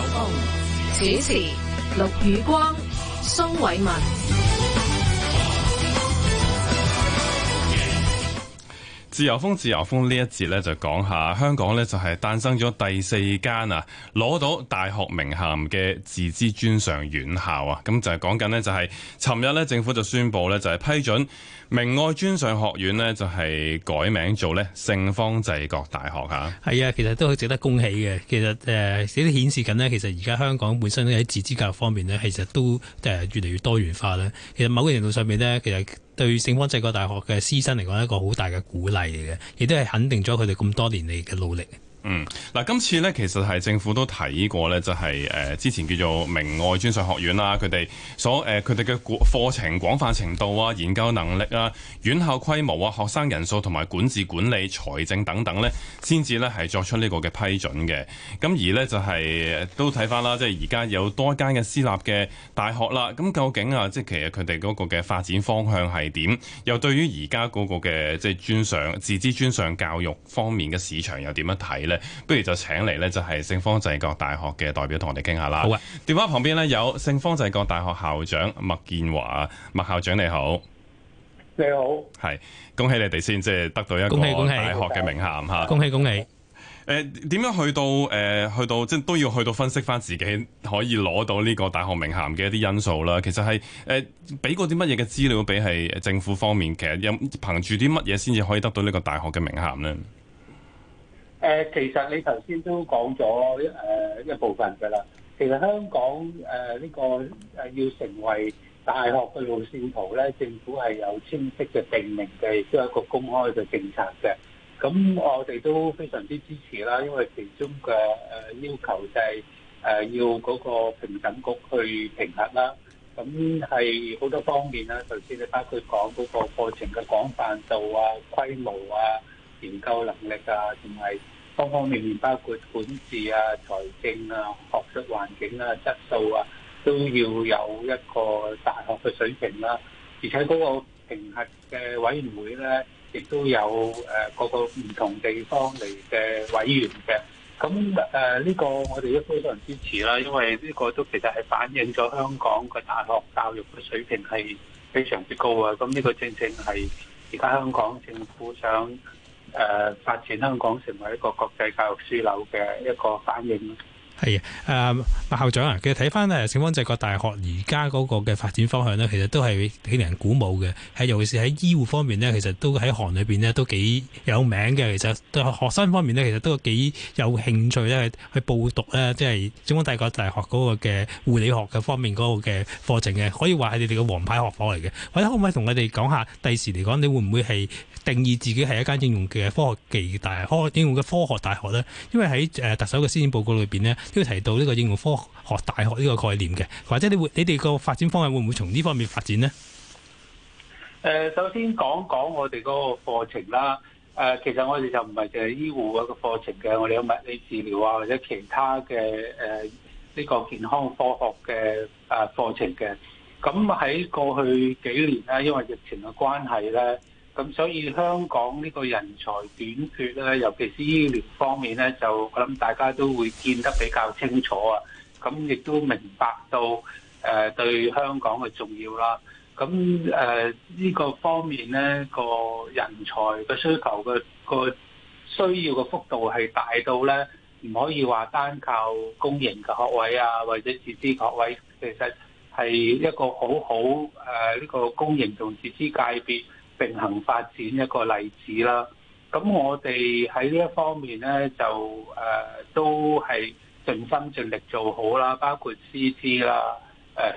自由風，主持陸雨光、蘇偉文。自由風，自由風，呢一節呢，就講下香港呢，就係誕生咗第四間啊，攞到大學名銜嘅自資專上院校啊，咁就係講緊呢，就係，尋日呢，政府就宣佈呢，就係批准。明愛專上學院呢，就係改名做咧聖方濟各大學嚇。係啊，其實都好值得恭喜嘅。其實誒，有、呃、啲顯示緊呢，其實而家香港本身喺自資教育方面呢，其實都誒越嚟越多元化啦。其實某個程度上面呢，其實對聖方濟各大學嘅師生嚟講，係一個好大嘅鼓勵嚟嘅，亦都係肯定咗佢哋咁多年嚟嘅努力。嗯，嗱，今次咧，其實係政府都睇過咧，就係、是、誒、呃、之前叫做明愛專上學院啦，佢哋所誒佢哋嘅課程廣泛程度啊、研究能力啊、院校規模啊、學生人數同埋管治管理、財政等等咧，先至咧係作出呢個嘅批准嘅。咁、嗯、而咧就係、是、都睇返啦，即係而家有多間嘅私立嘅大學啦。咁究竟啊，即係其實佢哋嗰個嘅發展方向係點？又對於而家嗰個嘅即係專上自資專上教育方面嘅市場又點樣睇咧？不如就請嚟呢，就係聖方濟各大學嘅代表同我哋傾下啦。好啊的，電話旁邊呢，有聖方濟各大學校長麥建華，麥校長你好，你好，係好恭喜你哋先，即、就、係、是，得到一個大學嘅名銜吓，恭喜恭喜。誒、啊，點樣去到誒、啊、去到，即係都要去到分析翻自己可以攞到呢個大學名銜嘅一啲因素啦。其實係誒，俾、啊、過啲乜嘢嘅資料俾係政府方面，其實有憑住啲乜嘢先至可以得到呢個大學嘅名銜呢？誒，其實你頭先都講咗一誒一部分嘅啦。其實香港誒呢個誒要成為大學嘅路線圖咧，政府係有清晰嘅定名嘅，亦都係一個公開嘅政策嘅。咁我哋都非常之支持啦，因為其中嘅誒要求就係誒要嗰個評審局去評核啦。咁係好多方面啦，頭先你包括講嗰個課程嘅廣泛度啊、規模啊、研究能力啊，同埋，方方面面包括管治啊、財政啊、學術環境啊、質素啊，都要有一個大學嘅水平啦、啊。而且嗰個評核嘅委員會咧，亦都有誒各個唔同地方嚟嘅委員嘅。咁誒呢個我哋一般都係支持啦、啊，因為呢個都其實係反映咗香港嘅大學教育嘅水平係非常之高啊。咁呢個正正係而家香港政府想。誒、呃、發展香港成為一個國際教育樞紐嘅一個反應咯，啊！誒、呃，麥校長啊，其實睇翻誒聖方濟各大學而家嗰個嘅發展方向呢，其實都係令人鼓舞嘅。係尤其是喺醫護方面呢，其實都喺行裏邊呢，都幾有名嘅。其實對學生方面呢，其實都幾有興趣咧去，去報讀呢。即係聖方濟各大學嗰個嘅護理學嘅方面嗰個嘅課程嘅，可以話係你哋嘅王牌學科嚟嘅。或者可唔可以同我哋講下第時嚟講，你會唔會係？定義自己係一間應用嘅科學技大學，應用嘅科學大學咧，因為喺誒特首嘅施政報告裏邊咧，都要提到呢個應用科學大學呢個概念嘅，或者你會你哋個發展方向會唔會從呢方面發展呢？誒、呃，首先講講我哋嗰個課程啦。誒、呃，其實我哋就唔係淨係醫護一個課程嘅，我哋有物理治療啊或者其他嘅誒呢個健康科學嘅誒課程嘅。咁喺過去幾年咧，因為疫情嘅關係咧。咁所以香港呢個人才短缺咧，尤其是醫療方面咧，就我諗大家都會見得比較清楚啊。咁亦都明白到誒、呃、對香港嘅重要啦、啊。咁誒呢個方面咧個人才嘅需求嘅個需要嘅幅度係大到咧，唔可以話單靠公營嘅學位啊，或者自資學位，其實係一個好好誒呢、呃這個公營同自資界別，並行發展一個例子啦。咁我哋喺呢一方面咧，就誒都係盡心盡力做好啦，包括師資啦、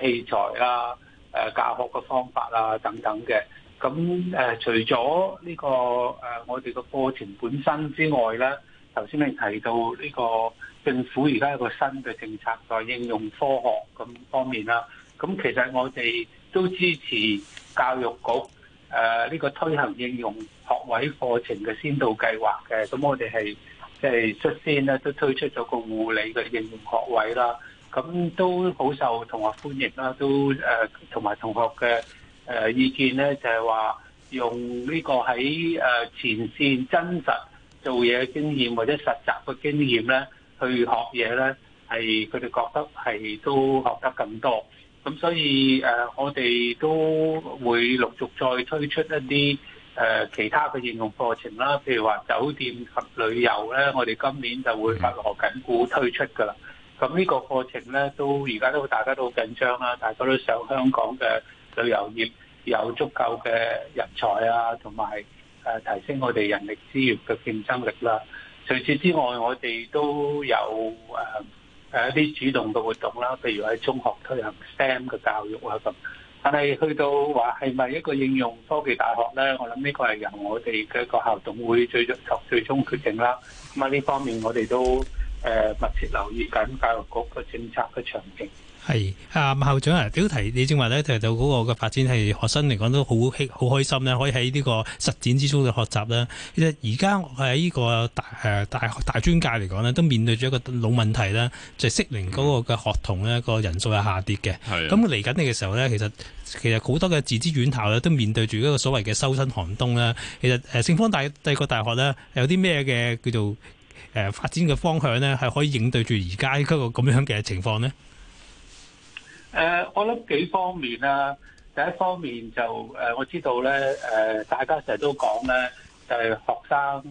誒器材啦、誒教學嘅方法啦等等嘅。咁誒除咗呢個誒我哋嘅課程本身之外咧，頭先你提到呢個政府而家有一個新嘅政策，在應用科學咁方面啦，咁其實我哋都支持教育局。誒呢個推行應用學位課程嘅先導計劃嘅，咁我哋係即係率先咧都推出咗個護理嘅應用學位啦，咁都好受同學歡迎啦，都誒同埋同學嘅誒意見咧，就係話用呢個喺誒前線真實做嘢嘅經驗或者實習嘅經驗咧，去學嘢咧，係佢哋覺得係都學得更多。咁所以誒、呃，我哋都會陸續再推出一啲誒、呃、其他嘅應用課程啦，譬如話酒店、及旅遊咧，我哋今年就會發落緊股推出噶啦。咁呢個課程咧，都而家都大家都好緊張啦，大家都想香港嘅旅遊業有足夠嘅人才啊，同埋誒提升我哋人力資源嘅競爭力啦。除此之外，我哋都有誒。呃誒一啲主動嘅活動啦，譬如喺中學推行 STEM 嘅教育啊咁，但係去到話係咪一個應用科技大學咧，我諗呢個係由我哋嘅一個校董會最終作最終決定啦。咁啊呢方面我哋都誒、呃、密切留意緊教育局嘅政策嘅前景。係，阿、啊、校長啊，都提你正話咧，提到嗰個嘅發展係學生嚟講都好好開心咧，可以喺呢個實踐之中嘅學習啦。其實而家喺呢個大誒大、呃、大專界嚟講呢都面對住一個老問題啦，就適齡嗰個嘅學童呢個人數係下跌嘅。咁嚟緊你嘅時候呢，其實其實好多嘅自資院校呢都面對住一個所謂嘅收生寒冬啦。其實誒、呃、聖方大第二個大學呢，有啲咩嘅叫做誒、呃、發展嘅方向呢？係可以應對住而家呢個咁樣嘅情況呢？誒，我諗幾方面啦。第一方面就誒，我知道咧，誒，大家成日都講咧，就係學生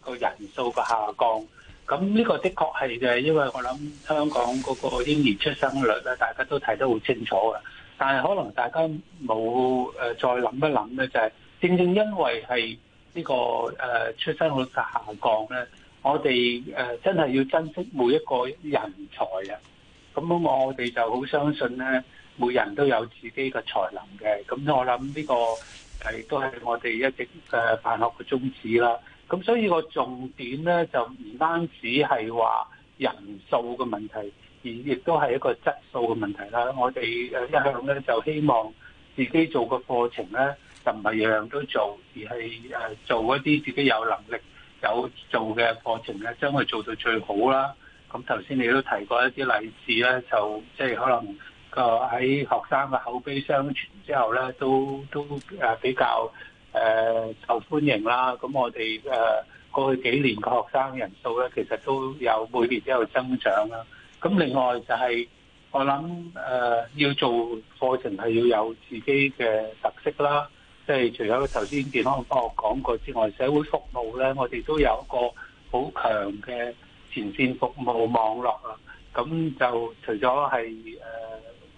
個人數嘅下降。咁呢個的確係嘅，因為我諗香港嗰個嬰兒出生率咧，大家都睇得好清楚啊。但係可能大家冇誒再諗一諗咧，就係正正因為係呢個誒出生率嘅下降咧，我哋誒真係要珍惜每一個人才啊！咁我哋就好相信咧，每人都有自己嘅才能嘅。咁我諗呢個係都係我哋一直嘅辦學嘅宗旨啦。咁所以個重點咧就唔單止係話人數嘅問題，而亦都係一個質素嘅問題啦。我哋一向咧就希望自己做嘅課程咧，就唔係樣樣都做，而係誒做一啲自己有能力有做嘅課程咧，將佢做到最好啦。咁頭先你都提過一啲例子咧，就即係可能個喺學生嘅口碑相傳之後咧，都都誒比較誒受歡迎啦。咁我哋誒過去幾年嘅學生人數咧，其實都有每年都有增長啦。咁另外就係我諗誒要做課程係要有自己嘅特色啦。即係除咗頭先健康科學講過之外，社會服務咧，我哋都有一個好強嘅。前線服務網絡啊，咁就除咗係誒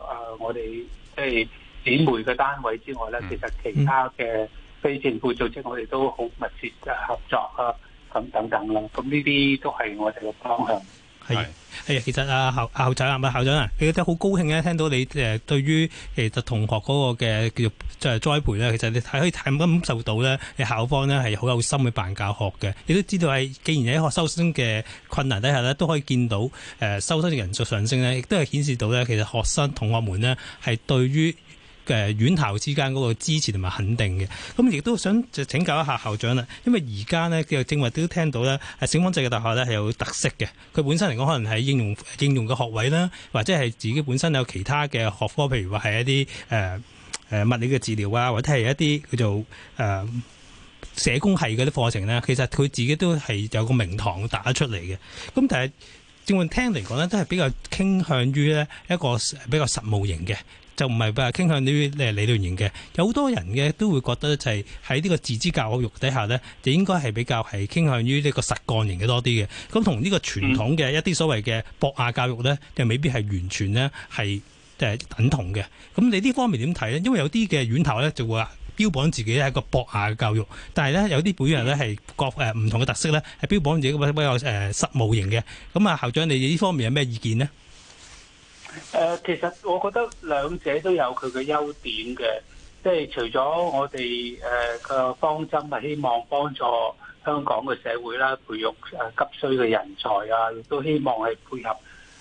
啊，我哋即係姊妹嘅單位之外咧，其實其他嘅非政府組織我哋都好密切嘅合作啊，咁等等啦，咁呢啲都係我哋嘅方向。係，係啊是！其實啊，校校長啊，唔係校長啊，你都好高興咧，聽到你誒對於其實同學嗰個嘅叫做栽培咧，其實你係可以淡咁感受到咧，你校方咧係好有心去辦教學嘅。你都知道係，既然喺學生嘅困難底下咧，都可以見到誒收生嘅人數上升咧，亦都係顯示到咧，其實學生同學們呢係對於。誒、呃、院校之間嗰個支持同埋肯定嘅，咁、嗯、亦都想就請教一下校長啦。因為而家咧嘅正話都聽到咧，係、啊、聖方濟各大學咧係有特色嘅。佢本身嚟講，可能係應用應用嘅學位啦，或者係自己本身有其他嘅學科，譬如話係一啲誒誒物理嘅治療啊，或者係一啲叫做誒社工系嗰啲課程呢。其實佢自己都係有個名堂打出嚟嘅。咁、嗯、但係。聽嚟講呢都係比較傾向於呢一個比較實務型嘅，就唔係比較傾向於理論型嘅。有好多人嘅都會覺得就係喺呢個自知教育底下呢，就應該係比較係傾向於呢個實幹型嘅多啲嘅。咁同呢個傳統嘅一啲所謂嘅博雅教育呢，就未必係完全呢係誒等同嘅。咁你呢方面點睇呢？因為有啲嘅院校呢，就會。標榜自己係一個博雅嘅教育，但係咧有啲本人咧係各誒唔、呃、同嘅特色咧，係標榜自己比較誒實務型嘅。咁、嗯、啊，校長你呢方面有咩意見呢？誒、呃，其實我覺得兩者都有佢嘅優點嘅，即、就、係、是、除咗我哋誒個方針係希望幫助香港嘅社會啦，培育誒急需嘅人才啊，亦都希望係配合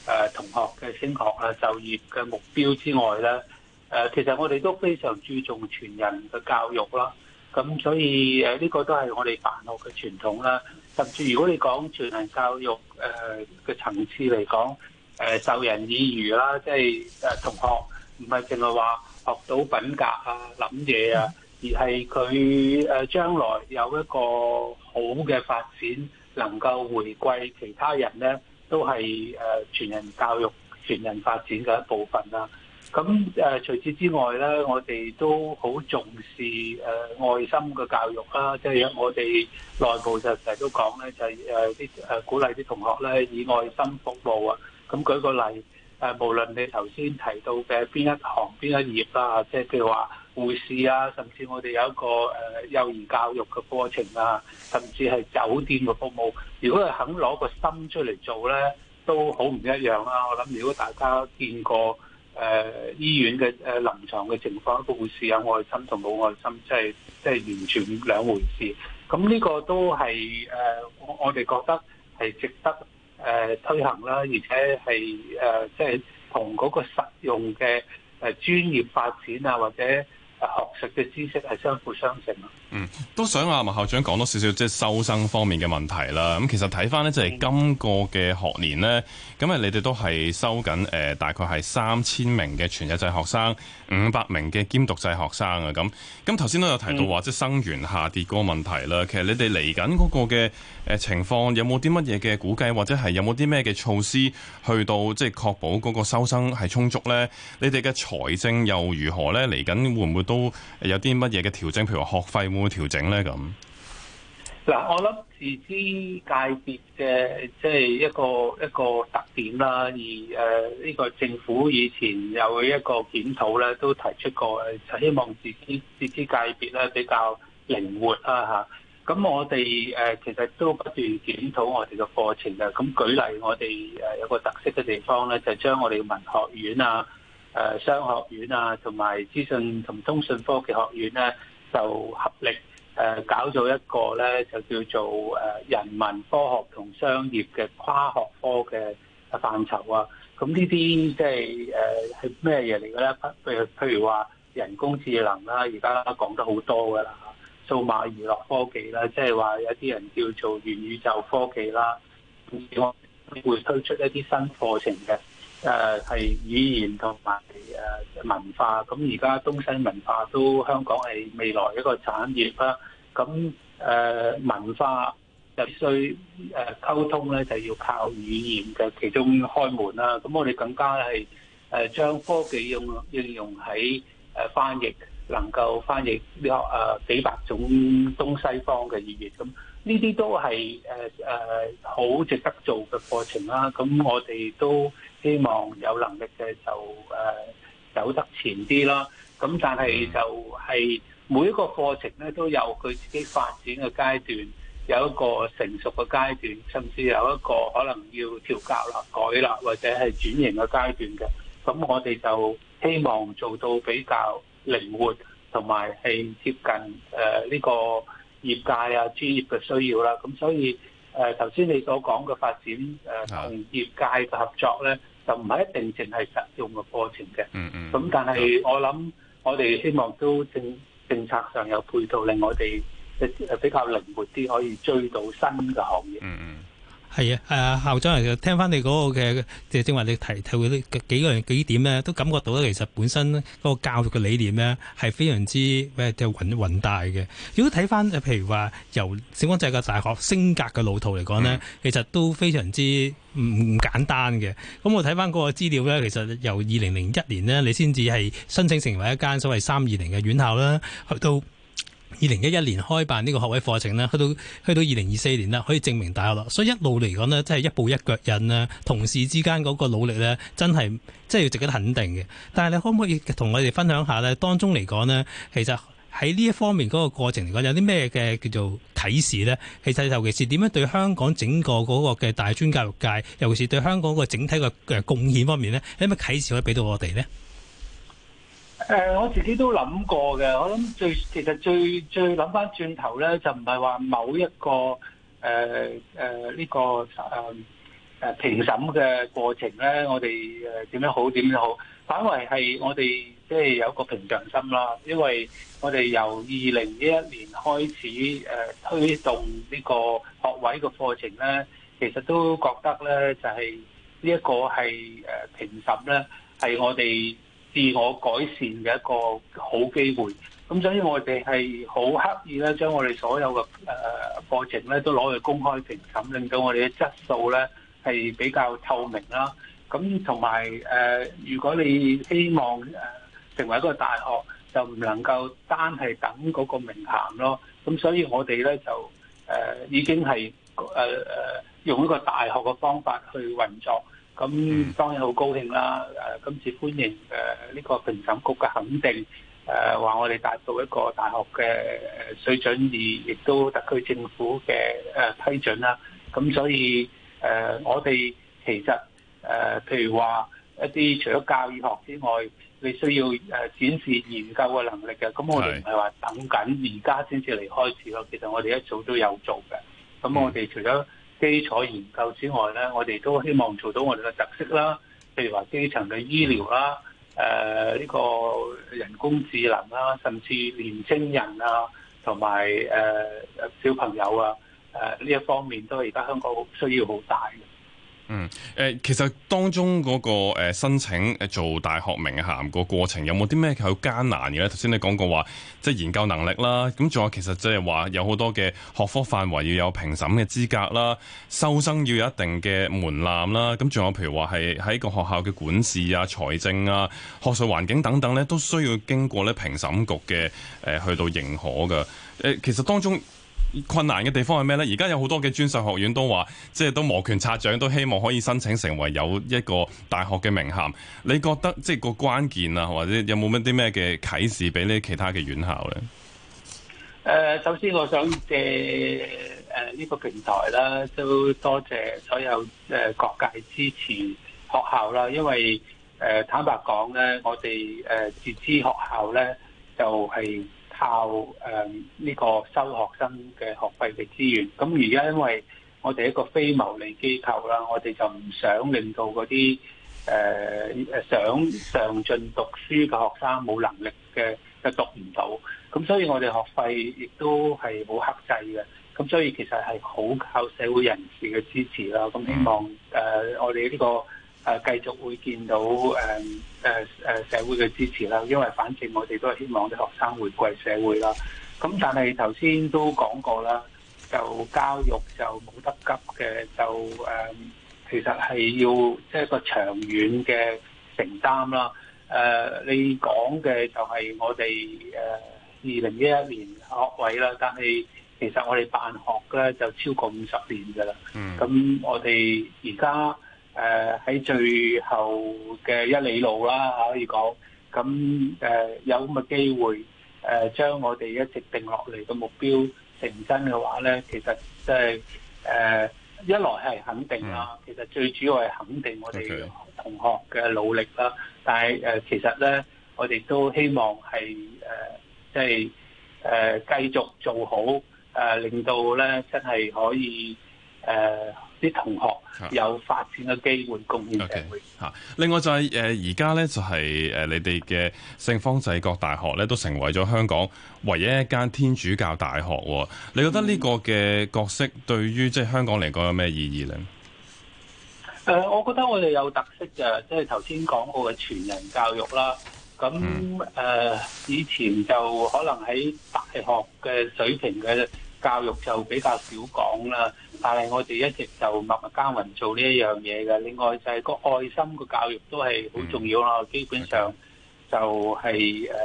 誒同學嘅升學啊、就業嘅目標之外咧。誒，其實我哋都非常注重全人嘅教育啦，咁所以誒呢個都係我哋辦學嘅傳統啦。甚至如果你講全人教育誒嘅層次嚟講，誒授人以漁啦，即係誒同學唔係淨係話學到品格啊、諗嘢啊，而係佢誒將來有一個好嘅發展，能夠回饋其他人咧，都係誒全人教育、全人發展嘅一部分啦。咁誒，除此之外咧，我哋都好重視誒愛心嘅教育啦，即係我哋內部就成日都講咧，就係誒啲誒鼓勵啲同學咧以愛心服務啊。咁舉個例誒，無論你頭先提到嘅邊一行邊一業啦，即係譬如話護士啊，甚至我哋有一個誒幼兒教育嘅課程啊，甚至係酒店嘅服務，如果係肯攞個心出嚟做咧，都好唔一樣啦。我諗如果大家見過。誒、呃、醫院嘅誒、呃、臨床嘅情況，個護士有愛心同冇愛心，即係即係完全兩回事。咁呢個都係誒、呃，我哋覺得係值得誒、呃、推行啦，而且係誒即係同嗰個實用嘅誒專業發展啊，或者。學術嘅知識係相輔相成啊。嗯，都想阿、啊、麥校長講多少少即係收生方面嘅問題啦。咁其實睇翻呢，就係、是、今個嘅學年呢。咁啊、嗯，你哋都係收緊誒、呃，大概係三千名嘅全日制學生，五百名嘅兼讀制學生啊。咁咁頭先都有提到話，嗯、即係生源下跌嗰個問題啦。其實你哋嚟緊嗰個嘅誒情況，有冇啲乜嘢嘅估計，或者係有冇啲咩嘅措施去到即係確保嗰個收生係充足呢？你哋嘅財政又如何呢？嚟緊會唔會？都有啲乜嘢嘅調整？譬如話學費會唔會調整咧？咁嗱，我諗自資界別嘅即係一個一個特點啦。而誒呢個政府以前有一個檢討咧，都提出過，希望自資自資界別咧比較靈活啦嚇。咁我哋誒其實都不斷檢討我哋嘅課程嘅。咁舉例，我哋誒有個特色嘅地方咧，就將我哋文學院啊。誒商學院啊，同埋資訊同通信科技學院咧、啊，就合力誒搞咗一個咧，就叫做誒人文科學同商業嘅跨學科嘅範疇啊。咁、嗯就是呃、呢啲即係誒係咩嘢嚟嘅咧？譬如譬如話人工智能啦、啊，而家講得好多㗎啦，數碼娛樂科技啦、啊，即係話有啲人叫做元宇宙科技啦、啊。嗯會推出一啲新課程嘅，誒係語言同埋誒文化。咁而家東西文化都香港係未來一個產業啦。咁誒文化就需誒溝通咧，就要靠語言嘅其中開門啦。咁我哋更加係誒將科技用應用喺誒翻譯，能夠翻譯呢個誒幾百種東西方嘅語言咁。呢啲都係誒誒好值得做嘅課程啦，咁我哋都希望有能力嘅就誒、呃、走得前啲啦。咁但係就係每一個課程咧都有佢自己發展嘅階段，有一個成熟嘅階段，甚至有一個可能要調校啦、改啦，或者係轉型嘅階段嘅。咁我哋就希望做到比較靈活，同埋係接近誒呢、呃呢個。業界啊，專業嘅需要啦，咁所以誒頭先你所講嘅發展誒同、呃、業界嘅合作咧，就唔係一定淨係實用嘅過程嘅。嗯嗯、mm。咁、hmm。但係我諗，我哋希望都政政策上有配套，令我哋誒比較靈活啲，可以追到新嘅行業。嗯嗯、mm。Hmm. 係啊，誒校長，其實聽翻你嗰、那個嘅，即係正話你提透啲幾個幾點咧，都感覺到咧，其實本身嗰個教育嘅理念咧，係非常之咩，即混混大嘅。如果睇翻譬如話由小港製嘅大學升格嘅路途嚟講咧，其實都非常之唔唔簡單嘅。咁我睇翻嗰個資料咧，其實由二零零一年呢，你先至係申請成為一間所謂三二零嘅院校啦，去到。二零一一年開辦呢個學位課程咧，去到去到二零二四年啦，可以正名大學啦。所以一路嚟講呢，真係一步一腳印啊！同事之間嗰個努力呢，真係真係要值得肯定嘅。但係你可唔可以同我哋分享下呢？當中嚟講呢，其實喺呢一方面嗰個過程嚟講，有啲咩嘅叫做啟示呢？其實尤其是點樣對香港整個嗰個嘅大專教育界，尤其是對香港個整體嘅嘅貢獻方面呢？有咩啟示可以俾到我哋呢？誒，我自己都諗過嘅。我諗最其實最最諗翻轉頭咧，就唔係話某一個誒誒呢個誒誒、呃、評審嘅過程咧，我哋誒點樣好點樣好，反為係我哋即係有一個平常心啦。因為我哋由二零一一年開始誒、呃、推動呢個學位嘅課程咧，其實都覺得咧就係呢一個係誒、呃、評審咧係我哋。自我改善嘅一個好機會，咁所以我哋係好刻意咧，將我哋所有嘅誒過程咧，都攞去公開評審令到我哋嘅質素咧係比較透明啦。咁同埋誒，如果你希望誒成為一個大學，就唔能夠單係等嗰個名銜咯。咁所以我哋咧就誒已經係誒誒用一個大學嘅方法去運作。咁、嗯、當然好高興啦！誒，今次歡迎誒呢個評審局嘅肯定，誒、呃、話我哋達到一個大學嘅水準，而亦都特區政府嘅誒、呃、批准啦。咁所以誒、呃，我哋其實誒，譬、呃、如話一啲除咗教育學之外，你需要誒展示研究嘅能力嘅，咁我哋唔係話等緊而家先至嚟開始咯。其實我哋一早都有做嘅。咁我哋除咗基礎研究之外咧，我哋都希望做到我哋嘅特色啦，譬如話基層嘅醫療啦，誒、呃、呢、呢個人工智能啦，甚至年青人啊，同埋誒小朋友啊，誒、呃、呢一方面都係而家香港需要好大。嗯，誒，其實當中嗰個申請誒做大學名銜個過程，有冇啲咩好艱難嘅咧？頭先你講過話，即係研究能力啦，咁仲有其實即係話有好多嘅學科範圍要有評審嘅資格啦，收生要有一定嘅門檻啦，咁仲有譬如話係喺個學校嘅管事啊、財政啊、學術環境等等咧，都需要經過咧評審局嘅誒、呃、去到認可嘅。誒，其實當中。困難嘅地方係咩呢？而家有好多嘅專上學院都話，即係都摩拳擦掌，都希望可以申請成為有一個大學嘅名銜。你覺得即係個關鍵啊，或者有冇乜啲咩嘅啟示俾呢其他嘅院校呢？誒、呃，首先我想借誒呢個平台啦，都多謝所有誒、呃、各界支持學校啦。因為誒、呃、坦白講呢，我哋誒自資學校呢，就係、是。靠誒呢個收學生嘅學費嘅資源，咁而家因為我哋一個非牟利機構啦，我哋就唔想令到嗰啲誒誒想上進讀書嘅學生冇能力嘅就讀唔到，咁所以我哋學費亦都係冇克制嘅，咁所以其實係好靠社會人士嘅支持啦，咁希望誒我哋呢個。誒、啊、繼續會見到誒誒誒社會嘅支持啦，因為反正我哋都係希望啲學生回歸社會啦。咁、嗯、但係頭先都講過啦，就教育就冇得急嘅，就誒、嗯、其實係要即係、就是、個長遠嘅承擔啦。誒、呃、你講嘅就係我哋誒二零一一年學位啦，但係其實我哋辦學咧就超過五十年噶啦。嗯，咁我哋而家。誒，喺最後嘅一里路啦，可以講，咁誒有咁嘅機會，誒將我哋一直定落嚟嘅目標成真嘅話咧，其實即係誒一來係肯定啦，其實最主要係肯定我哋同學嘅努力啦，但係誒其實咧，我哋都希望係誒即係誒繼續做好，誒令到咧真係可以誒。啲同學有發展嘅機會，貢獻社會，okay. 另外就係誒而家咧，就係、是、誒、呃、你哋嘅聖方濟各大學咧，都成為咗香港唯一一間天主教大學。你覺得呢個嘅角色對於即係、就是、香港嚟講有咩意義咧？誒、呃，我覺得我哋有特色嘅，即係頭先講過嘅全人教育啦。咁誒、嗯呃，以前就可能喺大學嘅水平嘅。教育就比較少講啦，但係我哋一直就默默耕耘做呢一樣嘢嘅。另外就係個愛心個教育都係好重要咯。嗯、基本上就係、是、誒 Okay.、呃、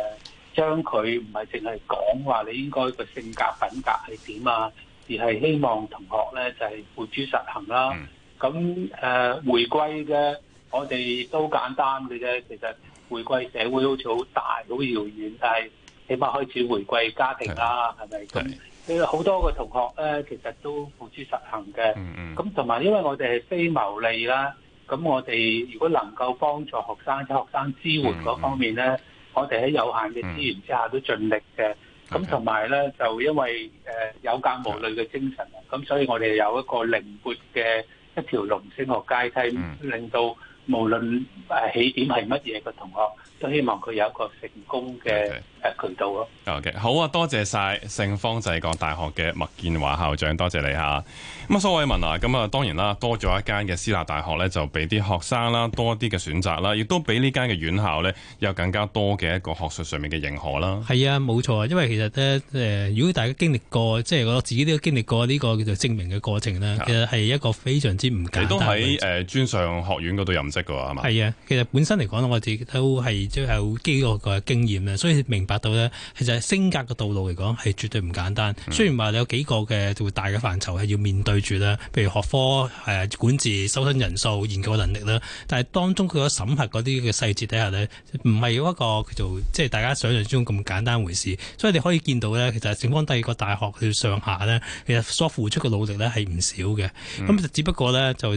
將佢唔係淨係講話你應該個性格品格係點啊，而係希望同學咧就係、是、付諸實行啦。咁誒、嗯呃、回歸嘅我哋都簡單嘅啫。其實回歸社會好似好大好遙遠，但係起碼開始回歸家庭啦，係咪咁？Yeah. yeah. 好多個同學咧，其實都付諸實行嘅。咁同埋，因為我哋係非牟利啦，咁我哋如果能夠幫助學生、喺學生支援嗰方面咧，我哋喺有限嘅資源之下都盡力嘅。咁同埋咧，就因為誒有教無類嘅精神，咁所以我哋有一個靈活嘅一條龍升學階梯，令到無論誒起點係乜嘢嘅同學，都希望佢有一個成功嘅。渠道咯。OK，好啊，多謝晒聖方濟各大學嘅麥建華校長，多謝你嚇。咁啊，蘇偉文啊，咁啊，當然啦，多咗一間嘅私立大學咧，就俾啲學生啦多啲嘅選擇啦，亦都俾呢間嘅院校咧有更加多嘅一個學術上面嘅認可啦。係啊，冇錯啊，因為其實咧誒、呃，如果大家經歷過，即係我自己都經歷過呢個叫做證明嘅過程咧，啊、其實係一個非常之唔簡單。你都喺誒尊尚學院嗰度任職嘅喎，係嘛？係啊，其實本身嚟講我自己都係即係有幾個個經驗啊，所以明白。達到咧，其實升格嘅道路嚟講係絕對唔簡單。雖然話你有幾個嘅會大嘅範疇係要面對住啦，譬如學科、誒管治、收生、人數、研究能力啦，但係當中佢所審核嗰啲嘅細節底下呢，唔係一個叫做即係大家想象中咁簡單回事。所以你可以見到呢，其實聖方濟各大學要上下呢，其實所付出嘅努力呢係唔少嘅。咁只不過呢就。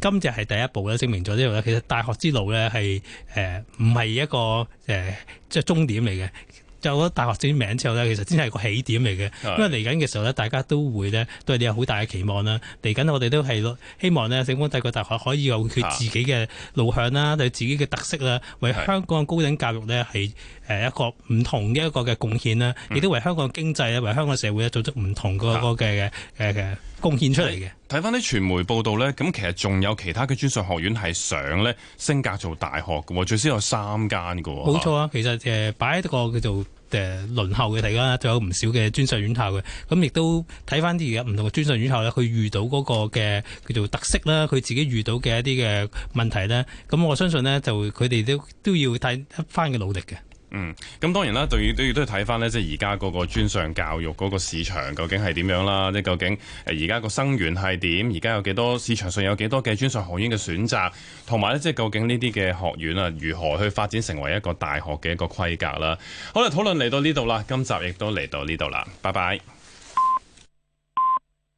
今日係第一步啦，證明咗呢度咧，其實大學之路咧係誒唔係一個誒即係終點嚟嘅。就咗大學之名之後咧，其實先係個起點嚟嘅。的因為嚟緊嘅時候咧，大家都會咧對你有好大嘅期望啦。嚟緊我哋都係希望呢，聖方濟各大學可以有佢自己嘅路向啦，對自己嘅特色啦，為香港高等教育咧係誒一個唔同嘅一個嘅貢獻啦，亦的都為香港經濟啊，為香港社會做的、啊、出唔同個個嘅嘅嘅嘅貢獻出嚟嘅。睇翻啲傳媒報道呢，咁其實仲有其他嘅專上學院係想咧升格做大學嘅，最少有三間嘅。冇錯啊，其實誒擺喺個叫做誒輪候嘅地方就有唔少嘅專上院校嘅。咁亦都睇翻啲而家唔同嘅專上院校咧，佢遇到嗰個嘅叫做特色啦，佢自己遇到嘅一啲嘅問題呢。咁我相信呢，就佢哋都都要睇一番嘅努力嘅。嗯，咁當然啦，對都要都要睇翻呢。即係而家嗰個專上教育嗰個市場究竟係點樣啦？即係究竟誒而家個生源係點？而家有幾多市場上有幾多嘅專上學院嘅選擇？同埋呢，即係究竟呢啲嘅學院啊，如何去發展成為一個大學嘅一個規格啦？好啦，討論嚟到呢度啦，今集亦都嚟到呢度啦，拜拜。